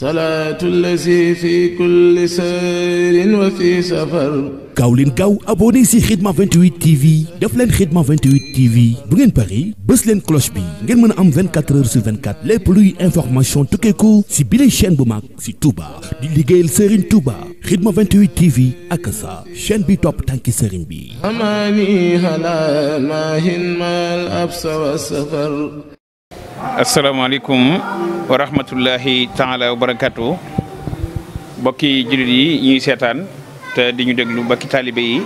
salaatu lazi fi kulli sayrin wa fi safar. gaaw leen gaaw abonné si Khidma 28 TV def leen Khidma 28 TV bu ngeen pari bës leen cloche bi ngeen mën a am 24 heures sur 24 lépp luy information tukkeeku si bile chaîne bu mag si Touba di liggéeyal Serigne Touba Khidma 28 TV ak sa chaîne bi topp tànki Serigne bi. amaani ala maahin maal absa wa safar. asalaamaaleykum wa rahmatullahi taala wa barakatu bokki jullit yi ñuy seetaan te di ñu déglu bokki taalibe yi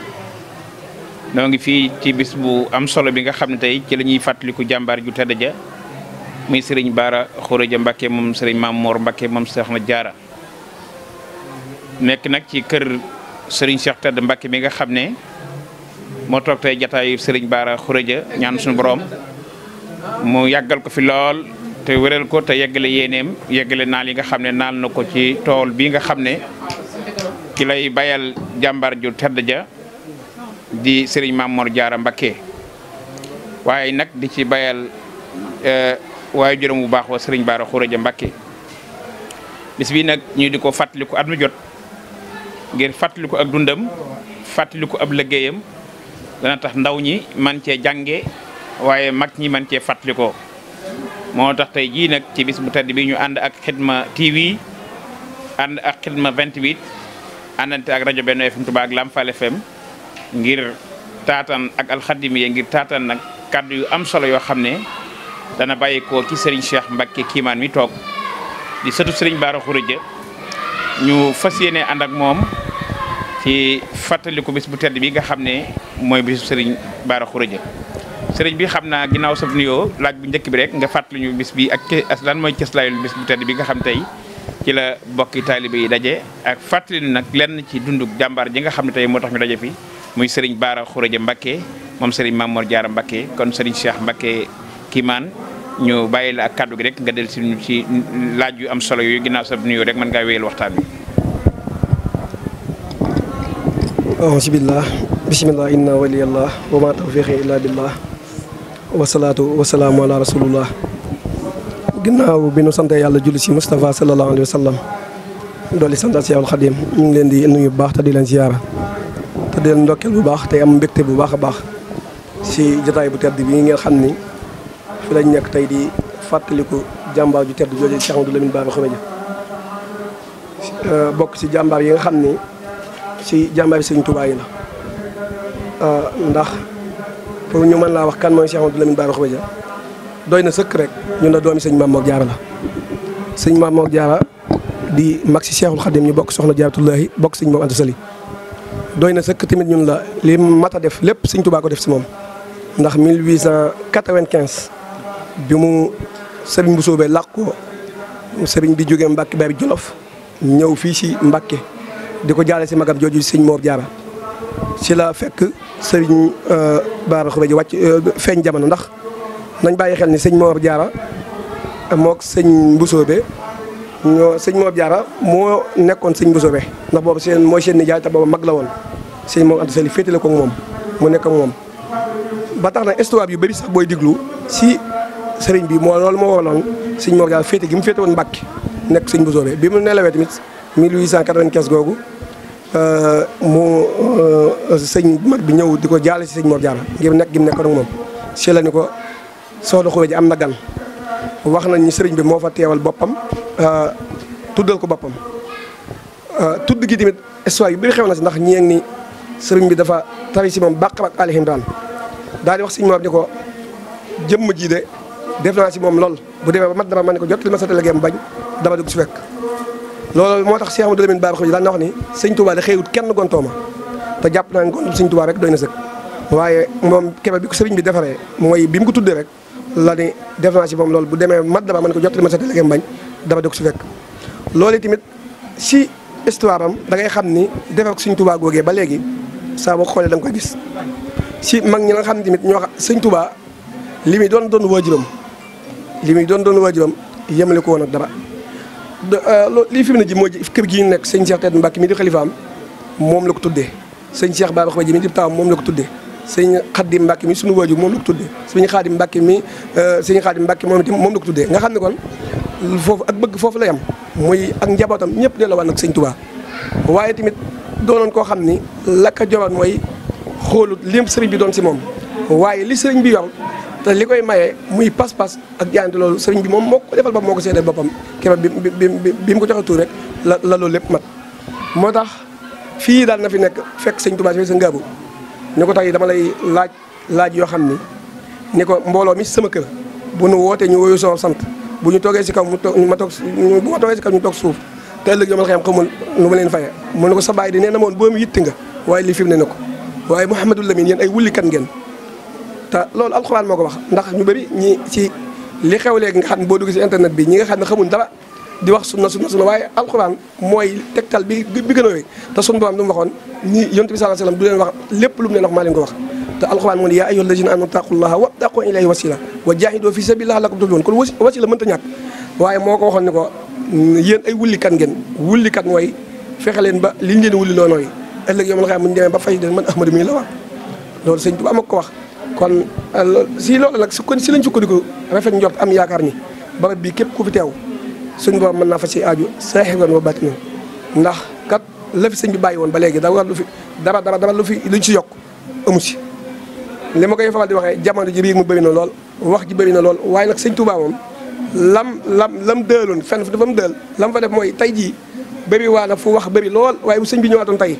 noo ngi fii ci bis bu am solo bi nga xam ne tey ci lañuy ñuy fàttaliku jàmbaar ju tedd ja muy sëriñ Baara Xuraja Mbàkke moom sëriñ Maam Moor Mbàkke moom Soxna Jaara nekk nag ci kër sëriñ Cheikh Tedd Mbàkke bi nga xam ne moo toog tey jataayu sëriñ Baara Xuraja ñaan suñu boroom mu yàggal ko fi lool te wéral ko te yeggale yéeneem yeggale naal yi nga xam ne naal na ko ci tool bi nga xam ne ki lay bayal jàmbar ju tedd ja di sëriñ Mamor Jaara Mbakke waaye nag di ci bayal eh, waaye juróom bu baax wa sëriñ Baara Xuraja Mbakke bis bi nag ñu di ko fàttaliku at mu jot ngir fàttaliku ak dundam fàttaliku ab liggéeyam dana tax ndaw ñi man cee jànge waaye mag ñi man cee fàttalikoo moo tax tey jii nag ci bis bu tedd bi ñu ànd ak xidma TV ànd ak xidma 28 àndante ak rajo Benno FM Touba ak Lamp Fall FM ngir taatan ak alxadimiya ngir taatan nag kàddu yu am solo yoo xam ne dana bàyyi ko ci Serigne Cheikh Mbacke kiimaan mi toog di sëtu Serigne Bara Khourédia ñu fas yéene ànd ak moom ci fàttaliku bis bu tedd bi nga xam ne mooy bisu Serigne Bara Khourédia sëriñ bi xam naa ginnaaw sa nuyoo laaj bu njëkk bi rek nga fàttali ñu bis bi ak lan mooy cëslaayul bis bu tedd bi nga xam tey ci la bokki taalibe yi daje ak fàttali nag lenn ci dunduk jàmbaar ji nga xam ne tey moo tax ñu daje fi muy sëriñ Baara Khourédia Mbacké moom sëriñ Mamor jaara Mbacké kon sëriñ Cheikh Mbacké Kimaan ñu bàyyi la ak kàddu gi rek nga del si ci laaj yu am solo yooyu ginnaaw sa nuyoo rek mën ngaa wéyal waxtaan bi auzu billah bismillah inna waliyallah wasalaatu wasalaamu ala rasulullah ginnaaw bi nu sant yàlla julli si Moustapha sallallahu alayhi wa sallam dolli sant Seexul Xadim ñu ngi leen di nuyu bu baax te di leen ziyaara te di leen ndokkeel bu baax te am mbégte bu baax a baax si jataay bu tedd bi ngeen xam ni fi lañ nekk tey di fàttaliku jàmbaar ju tedd jooju Cheikh Amadou Lamine Bara Khomeja euh, bokk ci jàmbaar yi nga xam ni si jàmbaar yi Sëriñ Tuubaa la euh, ndax pour ñu man laa wax kan mooy Cheikh Amadou Lamine Bara Khourédia doy na sëkk rek ñun la doomi sëñ Maam Moor Jaara la sëñ Maam Moor Jaara di mag si Cheikhul Khadim ñu bokk soxna Jaaratullaahi bokk sëñ Maam Anta Sali doy na sëkk tamit ñun la li mat a def lépp sëñ Tuubaa def si moom ndax 1895 bi mu sëriñ bu soobee làq ko sëriñ bi jógee Mbàkke Bari Jolof ñëw fii si Mbàkke di ko jaale si magam jooju sëñ Moor Jaara ci la fekk sëriñ euh, Baara Xuraji wàcc euh, feeñ jamono ndax nañ bàyyi xel ni sëñ Mor Diarra mook sëñ Mbusoobe ñoo sëñ Mor Diarra moo nekkoon sëñ Mbusoobe ndax boobu seen mooy seen nijaay te boobu mag la woon sëñ Mor Anta Sali féetale ko moom mu nekk ak moom. ba tax na histoire yu bëri sax booy diglu si sëriñ bi moo lool moo waraloon sëñ Mor Diarra féete gi mu féete woon Mbàkke nekk sëñ Mbusoobe bi mu nelawee tamit 1895 googu. Euh, mu euh, sëñ mat bi ñëw di ko jaale si sëñ Mor Diarra ngir nekk gi mu nekkoon moom si la ni ko soxna Xuwe ji am na gan wax nañ ni sëriñ bi moo fa teewal boppam euh, tuddal ko boppam tudd gi tamit histoire yu bëri xew na si ndax ñeeng ni sëriñ bi dafa tari si moom bàqam ak Ali Imran daal di wax sëñ Mor ni ko jëmm jii de def naa si moom lool bu demee ba mat dama man ne ko jottali ma sa télégram bañ dafa dugg si fekk loolu moo tax Cheikh Amadou Lamine Bara Khoudia daan ni sëñ Touba da xëyut kenn gontooma te jàpp naa gontum sëñ Touba rek doy na sëkk waaye moom kebe bi ku sëriñ bi defaree mooy bi mu ko tuddee rek la ni def naa si moom loolu bu demee mat daba mën ko jottali ma sa légeem bañ daba ko si fekk loolu tamit si histoire am da ngay xam ni defar ko tubaa Touba googee ba léegi saa boo xoolee da nga koy gis si mag ñi nga xam ne tamit ñoo xam sëñ Touba li muy doon doon waajuram li muy doon doon waajuram yemale ko woon ak dara Euh, lii fi mu ne ji moo kër gi ñu nekk sëñ Cheikh Tedd Mbacke mi di xalifaam moom la ko tuddee sëñ Cheikh Baba Xaba ji mi di taam moom la ko tuddee sëñ Xaadim Mbacke mi sunu waajur moom la ko tuddee sëñ Xaadim Mbacke mi euh, sëñ Xaadim Mbacke moom itam moom la ko tuddee nga xam ne kon foofu ak bëgg foofu lay am muy ak njabootam ñëpp delloo waan ak sëñ Touba waaye tamit doonoon koo xam ni la ko mooy xoolut lim sëriñ bi doon si moom waaye li sëriñ bi yor te li koy maye muy pas-pas ak jaante loolu sëriñ bi moom moo ko defal ba moo ko seedeel boppam keroog bi bi mu ko joxe tuur rek la la loolu lépp mat moo tax fii daal na fi nekk fekk sëñ Tuubaa si sa ngaabu ni ko tax yi dama lay laaj laaj yoo xam ni ni ko mbooloo mi sama kër bu nu wootee ñu woyu soo sant bu ñu toogee si kaw mu toog ma toog bu ma toogee si kaw ñu toog suuf te ëllëg yomal xayam xamul nu ma leen faye mu ne ko sa baay di nee na moon boomu yitti nga waaye lii fi mu ne na ko waaye Mouhamadou Lamine yéen ay wullikat ngeen te loolu alxuraan moo ko wax ndax ñu bari ñi ci li xew léegi nga boo dugg ci internet bi ñi nga xam ne xamuñ dara di wax sunna sunna sunna waaye alxuraan mooy tegtal bi bi gën a wéy te sunu borom lu mu waxoon ñi leen wax lépp lu mu leen wax maa ko wax te alxuraan moo ne yaa ayyuhal lazina amanu taqullaha wa taqu ilayhi wasila wa jaahidu fi sabilillahi lakum tuflihun kon wasila mënta ñàkk waaye moo ko waxoon ni ko mm, yéen ay wullikat ngeen wullikat mooy fexe leen ba liñ leen wulli loo nooy ëllëg yow ma la xam bu ñu ba fay den man ahmadu mi la wax loolu sëñ Tuubaa ma ko wax kon euh, si loolu nag su kon si lañ sukkandiku rafet njort am yaakaar ni barab bii képp ku fi teew suñ borom mën naa fa si aaju saaxiran wa baatin ndax kat la fi sëñ bi bàyyi woon ba léegi dara lu fi dara dara dara lu fi luñ si yokk amu si li ma koy faral di waxee jamono ji riir mu bari na lool wax ji bëri na lool waaye nag sëñ Touba moom lam lam lam dëloon fenn fa dafa mu dël lam fa def mooy tey jii bëri waa na fu wax bëri lool waaye bu sëñ bi ñëwaatoon tey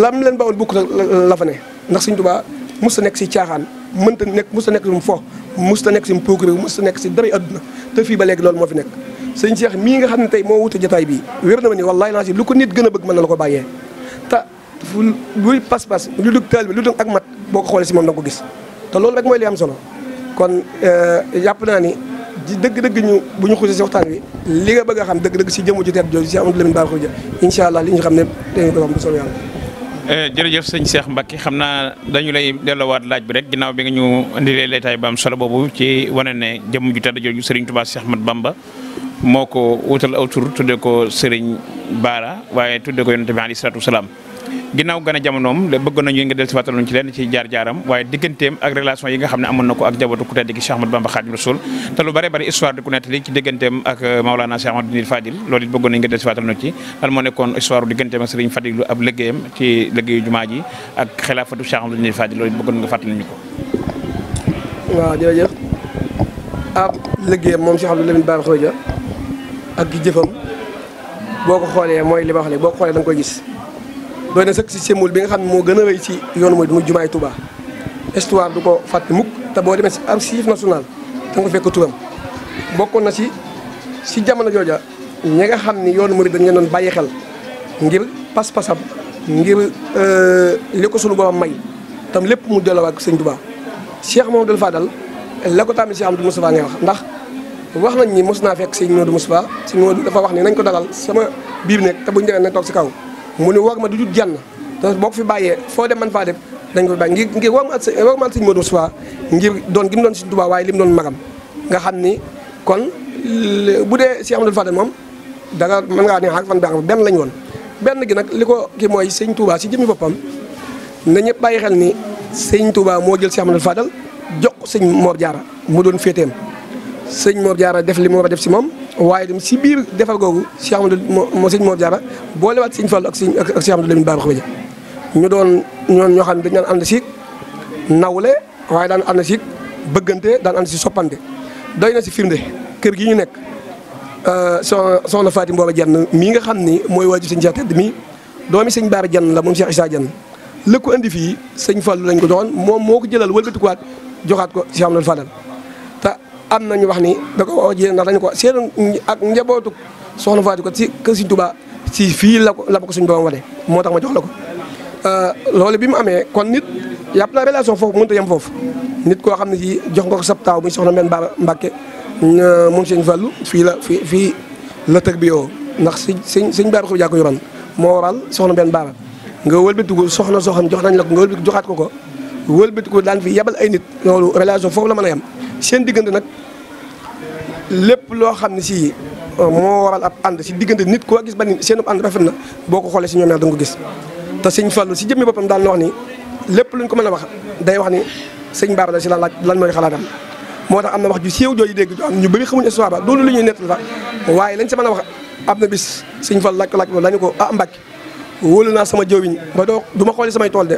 lam leen bawoon bukk la ne ndax sëñ Touba mës ta nekk si caaxaan mënta nekk mës ta nekk si mu fo mës nekk si mu puukare mës ta nekk si dara adduna te fii ba léegi loolu moo fi nekk sëñ Cheikh mii nga xam ne tey moo wuta jotaay bii wér na ma ni lu ko nit a bëgg mën na ko bàyyee te luy pas-pas lu dug taal bi ak mat boo xoolee si moom da nga ko gis te loolu rek mooy li am solo kon yàpp euh, naa ni di dëgg-dëgg ñu bu ñu xusee si waxtaan wi li nga bëgg a xam dëgg-dëgg si jëmu ju teet jooju si Amadou Lamine li ñu xam ne dañu ko am Eh, jërëjëf sëñ Cheikh Mbacke xam naa dañu lay dellowaat laaj bi rek ginnaaw bi nga ñu indilee laytaay ba am solo boobu ci wane ne jëmm ju tedd jooju Serigne Touba Cheikh mat Bamba moo ko wutal aw tur tudde ko Serigne Baara waaye tudde ko yonent bi alayhi salaatu wasalaam ginnaaw gën a jamonoom bëgg nañu nga del si fàttaloon ci lenn ci jaar-jaaram waaye digganteem ak relation yi nga xam ne amoon na ko ak jabatu ku tedd gi Cheikh Ahmad Bamba Khadim Rasoul te lu bare bari histoire di ku nettali ci euh, nga del si fàttaloon ci lan moo nekkoon histoire digganteem ak Serigne Fadil ab liggéeyam ci liggéeyu jumaa ji ak xilaafatu Cheikh Ahmad Nil Fadil loolu it bëggoon nga fàttali ñu ko waaw jërëjëf ab liggéeyam moom Cheikh Ahmad Lamine Bara Khourédia ak jëfam boo ko xoolee mooy li ma wax léegi boo ko xoolee da nga doy ne sëkk si symbole bi nga xam ne moo gën a rëy si yoonu mooy mu jumaay Touba histoire du ko fàtte mukk te boo demee si archive national da nga ko fekk turam bokkoon na si si jamono jooja ñi nga xam ni yoonu murid dañ leen doon bàyyi xel ngir pas-pasam ngir euh, li ko sunu borom may tam lépp mu delloo ak sëñ Touba Cheikh Mamadou Fadal la ko tàmmi Cheikh Amadou Moustapha ngay wax ndax wax nañ ni mos naa fekk sëñ Mamadou Moustapha sëñ Mamadou dafa wax ni nañ ko dalal sama biir nekk te bu demee nañ toog si kaw mu ne war ma du jut jànn te boo ko fi bàyyee foo dem man faa dem dañ ko fi bàyyi ngir ngir ma at war ma at sëñ Modou Sow ngir doon gi mu doon sëñ Tuubaa waaye li doon magam nga xam ni kon bu dee si Amadou Fadel moom dara mën ngaa ne xaar ah fan daara benn lañ woon benn gi nag li ko ki mooy sëñ Tuubaa si jëmmi boppam na ñëpp bàyyi xel ni sëñ Tuubaa moo jël si Amadou Fadel jox sëñ Mor Diarra mu doon féeteem sëñ Mor Diarra def li mu war a def si moom waaye itam si biir defar googu Cheikh Amadou moo sëñ Mor Diarra boolewaat sëñ Fall ak sëñ ak Cheikh Amadou Lamine Bara Mbacké ñu doon ñoon ñoo xam ne dañu ànd si nawle waaye daan ànd bëggante daan ànd si soppante doy na si firnde kër gi ñu nekk euh, son soxna Fatim Booba Jenn mii nga xam ni mooy waaju sëñ Cheikh tedd mii doomi sëñ Bara Jenn la moom Cheikh Issa Jenn la indi fii sëñ Fallu lañ ko joxoon moom moo ko jëlal wëlbatikuwaat joxaat ko Cheikh Amadou Fadal am na wax ni da ko woo jigéen ndax dañu ko seen ak njabootu soxna Fatou ko si kër Sëriñ Tuubaa si fii la ko la ko suñu borom moo tax ma jox la ko. Euh, loolu bi mu amee kon nit yàpp na relation foofu mënut a yem foofu nit koo xam ne si jox ko sab taaw muy soxna Mbène Baba Mbacke mun sëñ Fallu fii la fii fii la tër bi yow ndax sëñ sëñ sëñ Baaba Xurja ko yoroon moo waral soxna Mbène Baba nga wëlbatiku soxna soo xam jox nañ la ko joxaat ko ko wëlbatiku daan fi yebal ay nit loolu relation foofu la mën a yem. seen diggante nag lépp loo xam ne sii moo waral ab ànd si diggante nit koo gis ba ni seen ànd rafet na boo ko xoolee si ñoom ñaar da nga gis. te sëñ fal si jëmmi boppam daal na ni lépp luñ ko mën a wax day wax ni sëñ Baara la si la laaj lan mooy xalaatam moo tax am na wax ju siiw jooju dégg ju am ñu bëri xamuñ histoire ba loolu lu ñuy nettali sax waaye lañ si mën a wax am na bis sëñ Fallou laaj laaj loolu dañu ko ah Mbàkke wóolu naa sama jëwiñ ba doo du ma xooli samay tool de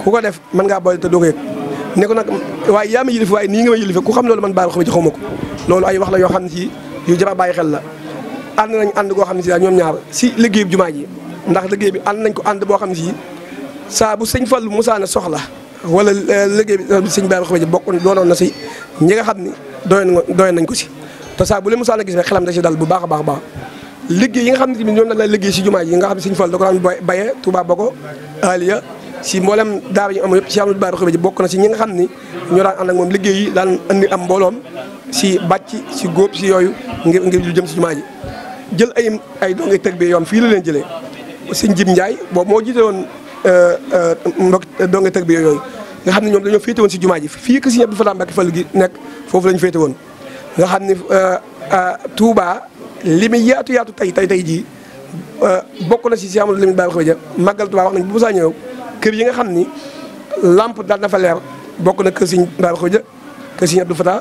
ku ko def mën ngaa boole te doo ko yëg ne ko nag waaye yaa ma yilife waaye nii nga ma yilife ku xam loolu man baara xuma ci ko loolu ay wax la yoo xam ne ci yu bàyyi xel la ànd nañ ànd goo xam ne si daal ñoom ñaar si liggéey bi jumaa ji ndax liggéey bi ànd nañ ko ànd boo xam ne si saa bu sëñ Fallu musaana soxla wala euh, liggéey bi euh, sëñ Baara Xubéja bokk doonoon na si ñi nga xam ne doyoon doyoon nañ ko si te saa bu leen bu baax a baax baax liggéey yi nga xam ne tamit ñoom nag la liggéey si jumaa ji nga xam ne sëñ Fallu da ko daan baye Touba Bako Aliya si mboolem daara yi am yëpp si Amadou Bara Rokhaya bokk na si ñi nga xam ni ñoo daan ànd ak moom liggéey yi daan andi am mbooloom si bàcc si góob si yooyu ngir ngir lu jëm si jumaa ji jël ay ay dongay teg bi fii la leen jëlee sëñ Jib Ndiaye boobu moo jiite woon euh, euh, mbokk dongay teg bi yooyu nga xam ne ñoom dañoo féete si jumaa ji fii que si ñëpp Fataa Mbàkke Fall gi nekk foofu la ñu féete woon nga xam ne euh, Touba li muy yaatu yaatu tey tey ji jii bokk na si si Amadou Lamine Bara ja màggal Touba wax nañ bu saa ñëw kër yi nga xam ni lamp daal na fa leer bokk na kër Sëriñ Bara Xuuja kër Sëriñ Abdou Fata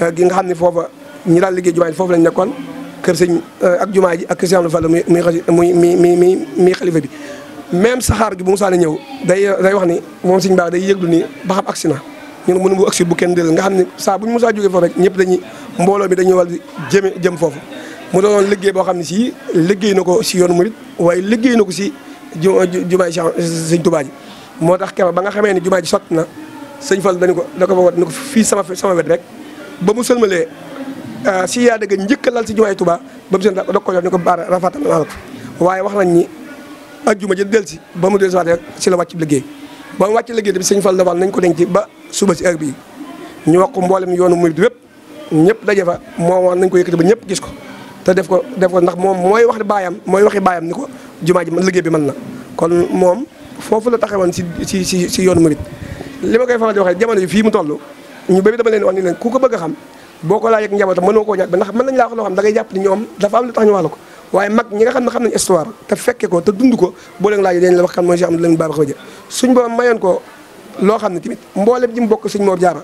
euh, gi nga xam ni foofa ñi daal liggéey jumaa ji foofu lañu nekkoon kër sëñ euh, ak jumaa ji ak kër Sëriñ Abdou Fata muy muy muy muy muy muy xalifa bi même saxaar gi bu mu saana ñëw day day wax ni moom Sëriñ Bara day yëglu ni ba xam agsi na ñun mënu bu agsi bu kenn dël nga xam ne saa bu ñu musaa jógee foofu rek ñëpp dañuy mbooloo mi dañuy wal di jëm foofu mu doonoon liggéey boo xam ne si liggéey na ko si yoonu murit waaye liggéey na ko si jumaay Sëriñ Tuubaa ji moo tax keroog ba nga xamee ni jumaa ji sotti na sëñ Fall dañu ko da ko fa wat ni ko fii sama sama wet rek ba mu sëlmalee ah, si yaa dëgg njëkk lal si jumaay Tuubaa ba mu seen da ko jot ni ko baara rafatal naa ko waaye wax nañ ni ajjuma ji del si ba mu del si rek si la wàcc liggéey ba mu wàcc liggéey tamit sëñ Fall dafal nañ ko denc ba suba si heure bi ñu wax ko mboolem yoonu murid wépp ñëpp daje fa moo wax nañ ko yëkkati ba ñëpp gis ko te def ko def ko ndax moom mooy wax baayam mooy waxi baayam ni ko jumaa ji man liggéey bi man na kon moom foofu la taxawoon si si si si yoonu murit li ma koy faral di waxee jamono ji fii mu toll ñu bëri dama leen wax ni leen ku ko bëgg xam boo ko laajee ak njabootam mënoo koo ñàkk ba ndax mën nañu laa wax loo xam da ngay jàpp ni ko waaye mag ñi xam ne xam nañu histoire te fekke ko te dund ko boo leen laajee dañ la wax kan mooy Cheikh Amadou Lamine Bara Khoudia suñ borom mayoon ko loo xam ne tamit mboolem ji mu bokk suñ Mor Jaara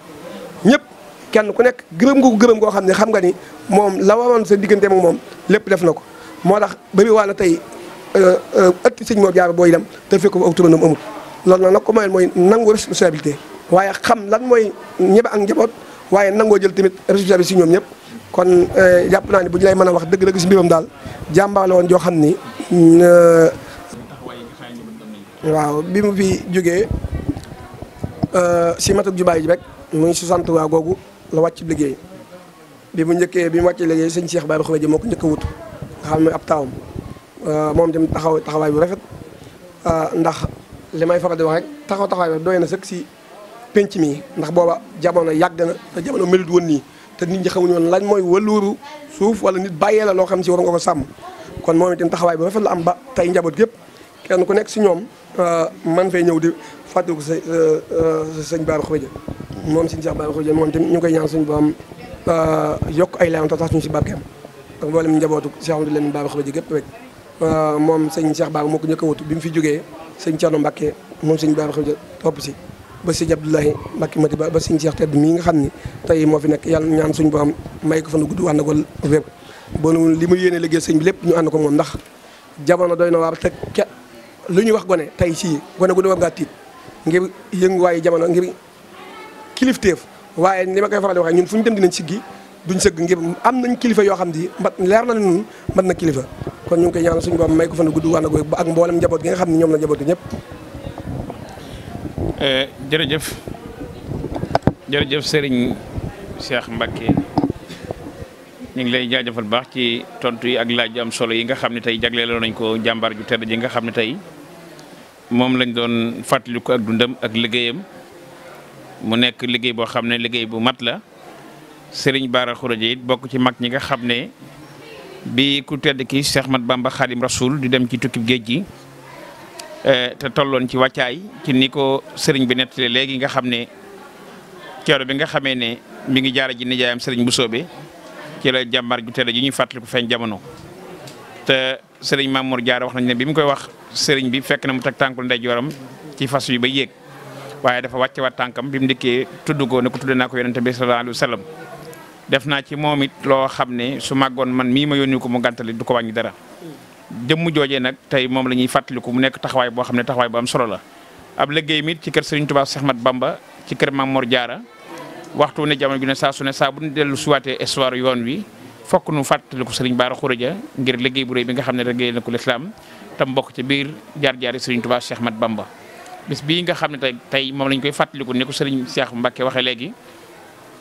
ñëpp kenn ku nekk gërëm nga gërëm goo xam ne xam nga ni moom la waroon sa diggante ak moom lépp def na ko moo tax bëri waa na tey Euh, euh, ëtt sëñ Mor Jaara boo itam te fekk fa aw turandoom amul loolu nag na ko mooy nangu responsabilité waaye xam lan mooy ñebe ak njaboot waaye nangoo jël tamit responsabilité si ñoom ñëpp kon euh, jàpp naa ne bu ñu lay mën a wax dëgg-dëgg si mbiram daal jàmbaar woon joo xam ni mm, waaw bi mu fi jógee si matuk jubaay ji rek muy waa googu la wàcc liggéey bi mu njëkkee bi mu wàccee liggéey sëñ Cheikh Baye Khourédia moo ko njëkk a wut nga xam ne ab taawam Euh, moom itam taxaw taxawaay bu rafet euh, ndax li may faral di wax rek taxaw taxawaay bi doy na sëkk si penc mi ndax booba jamono yàgg na te jamono melut woon nii te nit ñi xamuñu woon lañ mooy wàlluuru suuf wala nit bàyyee la loo xam si war nga ko kon moom itam taxawaay bu rafet la am ba tey njaboot gépp kenn ku nekk si ñoom euh, man fay ñëw di fàttaliku sa sëñ Bara Khourédia moom sëñ Cheikh Bara Khourédia moom ñu koy ñaan suñu am yokk ay layam tax tax suñu si barkeem ak mboolem njabootu Cheikh Ahmadou leen Bara Khourédia gépp rek Euh, moom sëñ Cheikh Ba moo ko njëkk a bi mu fi jógee sëñ Thierno Mbacke moom sëñ Ba xam topp si ba sëñ Abdoulaye Mbacke Mati ba sëñ Cheikh tedd mii nga xam ni tey moo fi nekk yàlla ñaan suñu borom may ko fa nu gudd ànd ko wépp bon li mu yéene liggéey sëñ lépp ñu ànd ko moom ndax jamono doy na te ke lu ñu wax gone tey sii gone gu ne war ngaa tiit ngir yënguwaayu jamono ngir kilifteef waaye li ma koy faral di waxee ñun fu ñu dem dinañ siggi duñ sëgg ngir am nañ kilifa yoo xam ni mat leer na leen mat na kilifa kon ñu ngi koy ñaanal suñu borom may ko fan gudd wàll googu ak mboolem njaboot gi nga xam ne ñoom la njaboot gi ñëpp. Eh, jërëjëf sëriñ Serigne Cheikh Mbacke ñu ngi lay jaajëfal baax ci tontu yi ak laaj solo yi nga xam ne tey jagleeloo nañ ko jàmbaar ju tedd ji nga xam ne tey moom lañ doon fàttaliku ak dundam ak liggéeyam mu nekk liggéey boo xam ne liggéey bu mat la Serigne Bara Khourédia bokk ci mag ñi nga xam ne. bi ku tedd ki Cheikh mat Bamba Xaadim Rasul di dem ci tukkib géej gi eh, te tolloon ci wàccaay ci ni ko sëriñ bi nettali léegi nga xam ne keroog bi nga xamee ne mi ngi jaara ji nijaayam sëriñ bu soobe ci la jàmbar ju tedd ji ñuy fàttaliku feeñ jamono te sëriñ Mamour Diarra wax nañ ne bi mu koy wax sëriñ bi fekk na mu teg tànkul ndeyjooram ci fas yu ba yéeg waaye dafa wàcce waat tànkam bi mu dikkee tudd ko ne ko tudd naa ko yonente bi sallallahu def naa ci moom it loo xam ne su màggoon man mii ma yoon yónni ko mu gàntali du ko wàññi dara jëmm joojee nag tey moom la ñuy fàttaliku mu nekk taxawaay boo xam ne taxawaay bu am solo la ab liggéey mit ci kër Serigne Touba Cheikh Ahmad Bamba ci kër Mame Mor Diarra waxtu ne jamono ju ne saa su saa bu ñu dellu suwaatee histoire yoon wi fokk nu fàttaliku Serigne Bara Khourédia ngir liggéey bu réy bi nga xam ne liggéey na ko lislaam tam bokk ci biir jaar-jaari Serigne Touba Cheikh Ahmad Bamba bis bii nga xam ne tey tey moom lañ koy fàttaliku ni ko Serigne Cheikh Mbacké waxee léegi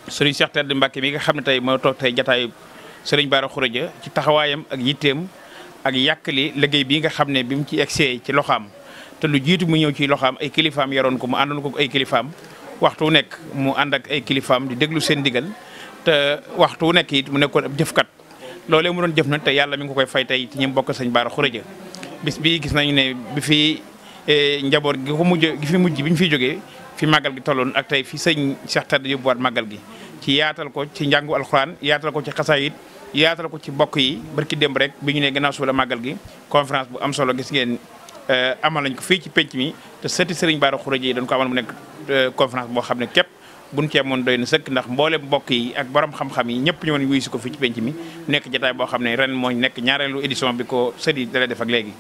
sëriñ Cheikh Tedd Mbacke mi nga xam ne tey moo toog tey jataayu sëriñ Bara Khourédia ci taxawaayam ak yitteem ak yàkkali liggéey bii nga xam ne bi mu ci egsee ci loxaam te lu jiitu mu ñëw ci loxaam ay kilifaam yoroon ko mu àndoon ko ay kilifaam waxtu nekk mu ànd ak ay kilifaam di déglu seen diggal te waxtu nekk it mu nekkoon ab jëfkat loole mu doon jëf na te yàlla mi ngi koy fay tey ci ñi bokk sëñ Bara Khourédia bis bii gis nañu ne bi fi eh, njaboot gi ko mujj gi fi mujj bi ñu fiy jógee fi màggal gi tolloon ak tey fi sëñ Cheikh Tade yóbbuwaat màggal gi ci yaatal ko ci njàngu alxuraan yaatal ko ci xasaayit yaatal ko ci mbokk yi barki démb rek bi ñu ne gannaaw suba la màggal gi conférence bu am solo gisngeen ngeen euh, amal nañ ko fii ci penc mi te sëti Serigne Bara Khourédia yi dañ ko amal mu nekk euh, conférence boo xam ne képp buñ cee moon doy na sëkk ndax mboole mbokk yi ak borom xam-xam yi ñëpp ñëwoon wuyu si ko fii ci penc mi nekk jataay boo xam ne ren mooñ nekk ñaareelu édition bi ko sëti dara def ak léegi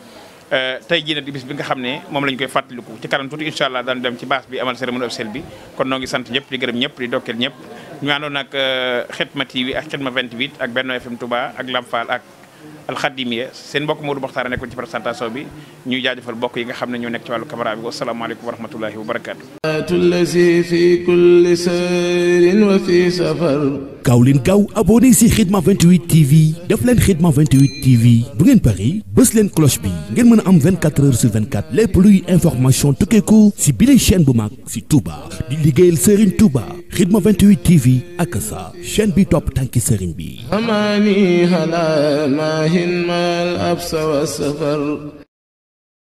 Euh, tey jii nag di bis bi nga xam ne moom lañ koy fàttaliku ci kanam tuuti incha allah daan dem ci baas bi amal cérémonie officielle bi kon noo ngi sant ñëpp di gërëm ñëpp di dokkeel ñëpp ñu àndoon ak Xidma euh, TV ak Xidma 28 ak Benno FM Touba ak Lamp Fall ak alxadimiya seen mbokk Modou Mokhtar nekkoon ci présentation bi ñuy jaajëfal mbokk yi nga xam ne nekk ci wàllu caméra bi wasalaamaaleykum wa rahmatullahi wa barakaatu. allazi fi kulli sayrin wa fi safar. gaaw leen gaaw abonné si Khidma 28 TV def leen Khidma TV bu ngeen bari bës leen cloche bi ngeen mën a am 24 heures sur 24 lépp luy information tukkeeku si bile chaîne bu mag si Touba di liggéeyal Serigne Touba Khidma 28 TV ak sa chaîne bi topp tànki Serigne bi. الهمال أبس والسفر